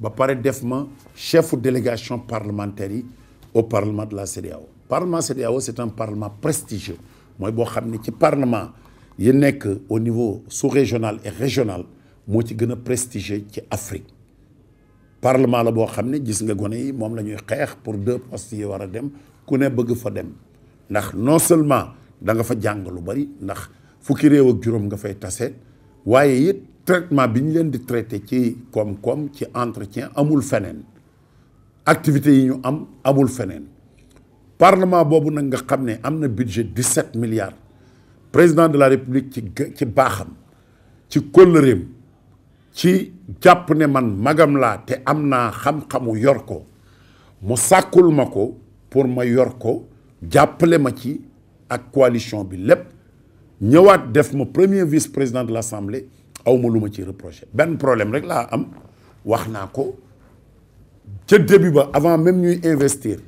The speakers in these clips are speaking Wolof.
ba pare def chef de délégation parlementaire au parlement de la CEDEAO parlement CDAO, c'est un parlement prestigieux Moi boo xam que ci parlement au niveau sous-régional et régional moi, ci gën prestigieux ci Afrique parlement la sais que ne gis nga pour deux postes qui sont a dem ku ne fa non seulement da nga fa jàng mais bari ndax fukki réew ak traitement bi ñu traité ci ci entretien amul activités yi ñu am parlement boobu nag nga xam budget 17 milliards président de la république ci ci baaxam ci kóllëreem ci jàpp ne man magam te xam ko pour ma yor ma ci coalition bi lépp ñëwaat premier vice président de l'assemblée awma reproché Ben problème rek la am début avant même ñuy investir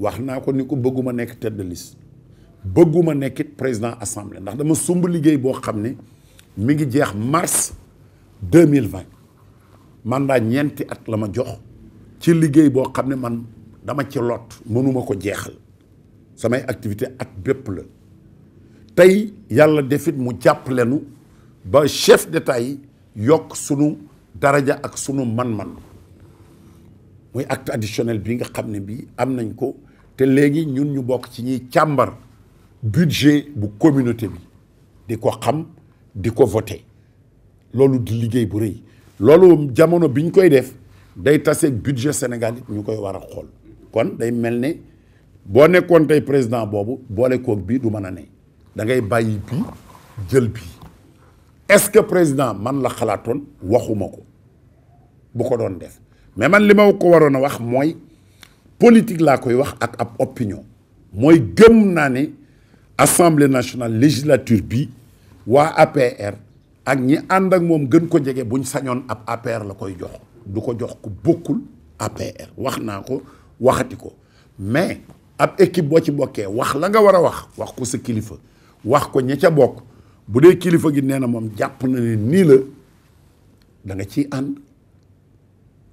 je ko tête de liste bëgguma nek président assemblée ndax dama mi ngi mars 2020 mandat a at lama jox ci liguey bo xamné man dama ci lot mënuma ko jeexal activité at la defit mu ba chef d'état yi yokk sunu daraja ak sunu man-man muy acte additionnel bi nga xam ne bii am nañ ko te léegi ñun ñu bokk ci ñuy càmbar budget bu communauté bi di ko xam di ko voté loolu di liggéey bu rëy loolu jamono bi ñu koy def day taseeg budget Sénégal ñu koy war a xool kon day mel ne boo nekkoon tey président boobu boole koog bi du mën a ne da ngay bàyyi bii jël bii est-ce que président man la xalaatoon waxumako bu ko don def mais man li ma ko warona wax moy politique la koy wax ak ab opinion moy gëm assemblée nationale législature bi wa APR ak ñi and ak mom gën ko jege buñ sañon ab APR la koy jox du ko jox ku bokul APR wax na ko waxati ko mais ab équipe bo ci bokkee wax la nga wara wax wax ko sa kilifa wax ko ñi ca bokk bu dee kilifa gi nee na moom jàpp na ne nii la da nga ciy ànd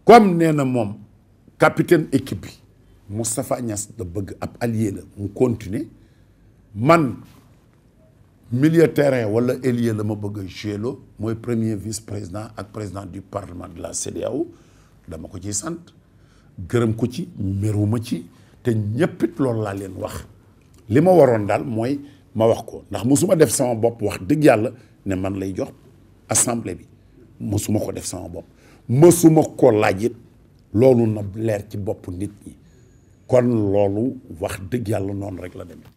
comme nee na moom capitaine équipe bi Moustapha Niass da bëgg ab allié la mu continuer man milieu terrain wala ailier la ma bëgg jouer loo mooy premier vice président ak président du parlement de la CEDEAO dama ko ciy sant gërëm ko ci meruma ci te ñëppit loolu laa leen wax li ma waroon daal mooy ma wax ko ndax mosuma def sama bopp wax dëgg yàlla ne man lay jox assemblée bi mosuma ko def sama bopp mosuma ko laaj yit loolu na leer ci bopp nit ñi kon loolu wax dëgg yàlla noonu rek la demee.